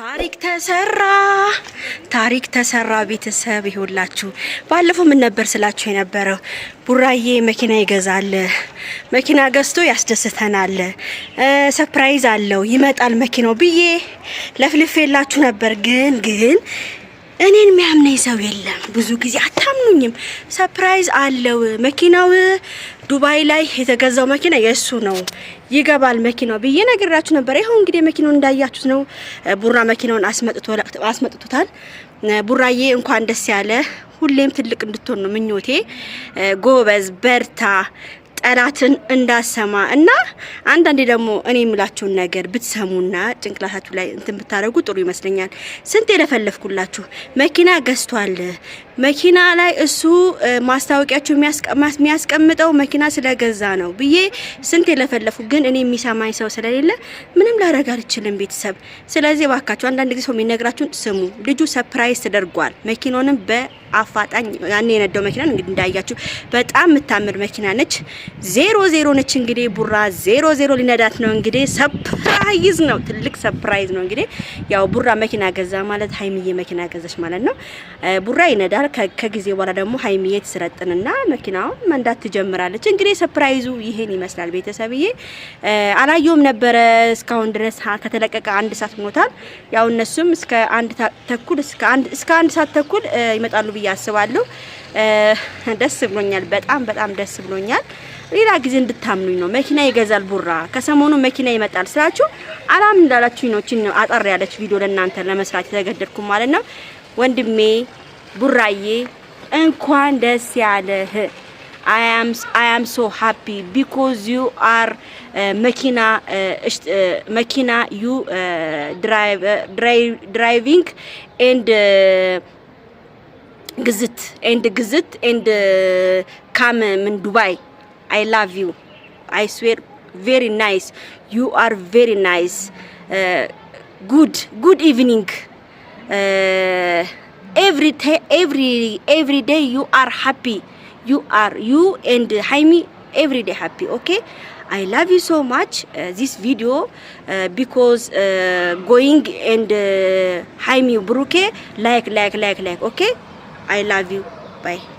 ታሪክ ተሰራ ታሪክ ተሰራ። ቤተሰብ ይሁላችሁ። ባለፈው ምን ነበር ስላችሁ የነበረው? ቡራዬ መኪና ይገዛል፣ መኪና ገዝቶ ያስደስተናል፣ ሰፕራይዝ አለው፣ ይመጣል መኪናው ብዬ ለፍልፌላችሁ ነበር። ግን ግን እኔን የሚያምነኝ ሰው የለም። ብዙ ጊዜ አታምኑኝም። ሰፕራይዝ አለው። መኪናው ዱባይ ላይ የተገዛው መኪና የእሱ ነው፣ ይገባል መኪናው ብዬ ነግራችሁ ነበር። ይኸው እንግዲህ መኪናው እንዳያችሁት ነው። ቡራ መኪናውን አስመጥቶታል። ቡራዬ እንኳን ደስ ያለ። ሁሌም ትልቅ እንድትሆን ነው ምኞቴ። ጎበዝ በርታ፣ ጠላትን እንዳሰማ እና አንዳንዴ ደግሞ እኔ የምላችሁን ነገር ብትሰሙና ጭንቅላታችሁ ላይ እንትን ብታደርጉ ጥሩ ይመስለኛል። ስንት የለፈለፍኩላችሁ መኪና ገዝቷል መኪና ላይ እሱ ማስታወቂያቸው የሚያስቀምጠው መኪና ስለገዛ ነው ብዬ ስንት የለፈለፉ፣ ግን እኔ የሚሰማኝ ሰው ስለሌለ ምንም ላደርግ አልችልም ቤተሰብ። ስለዚህ እባካችሁ አንዳንድ ጊዜ ሰው የሚነግራችሁን ስሙ። ልጁ ሰፕራይዝ ተደርጓል። መኪናውንም በአፋጣኝ ያኔ የነዳው መኪና እንግዲህ እንዳያችሁ በጣም የምታምር መኪና ነች። ዜሮ ዜሮ ነች። እንግዲህ ቡራ ዜሮ ዜሮ ሊነዳት ነው። እንግዲህ ሰፕራይዝ ነው፣ ትልቅ ሰፕራይዝ ነው። እንግዲህ ያው ቡራ መኪና ገዛ ማለት ሀይሚዬ መኪና ገዛች ማለት ነው። ቡራ ይነዳ ይመጣል። ከጊዜ በኋላ ደግሞ ሀይሚዬ ትስረጥንና መኪናውን መንዳት ትጀምራለች። እንግዲህ ሰፕራይዙ ይሄን ይመስላል። ቤተሰብዬ አላየውም ነበረ እስካሁን ድረስ ከተለቀቀ አንድ ሰዓት ሞታል። ያው እነሱም እስከ አንድ ተኩል እስከ አንድ ሰዓት ተኩል ይመጣሉ ብዬ አስባለሁ። ደስ ብሎኛል። በጣም በጣም ደስ ብሎኛል። ሌላ ጊዜ እንድታምኑኝ ነው። መኪና ይገዛል ቡራ ከሰሞኑ መኪና ይመጣል ስላችሁ አላም እንዳላችሁኝ ነው። አጠር ያለች ቪዲዮ ለእናንተ ለመስራት የተገደድኩ ማለት ነው ወንድሜ Buraye, Enkwande Siade. I am I am so happy because you are making a uh, uh, uh you uh, drive uh, driving and gizit uh, and gizit and come uh, in Dubai. I love you. I swear very nice. You are very nice. good good evening every day every every day you are happy you are you and Jaime every day happy okay I love you so much uh, this video uh, because uh, going and uh, Jaime Bruke like like like like okay I love you bye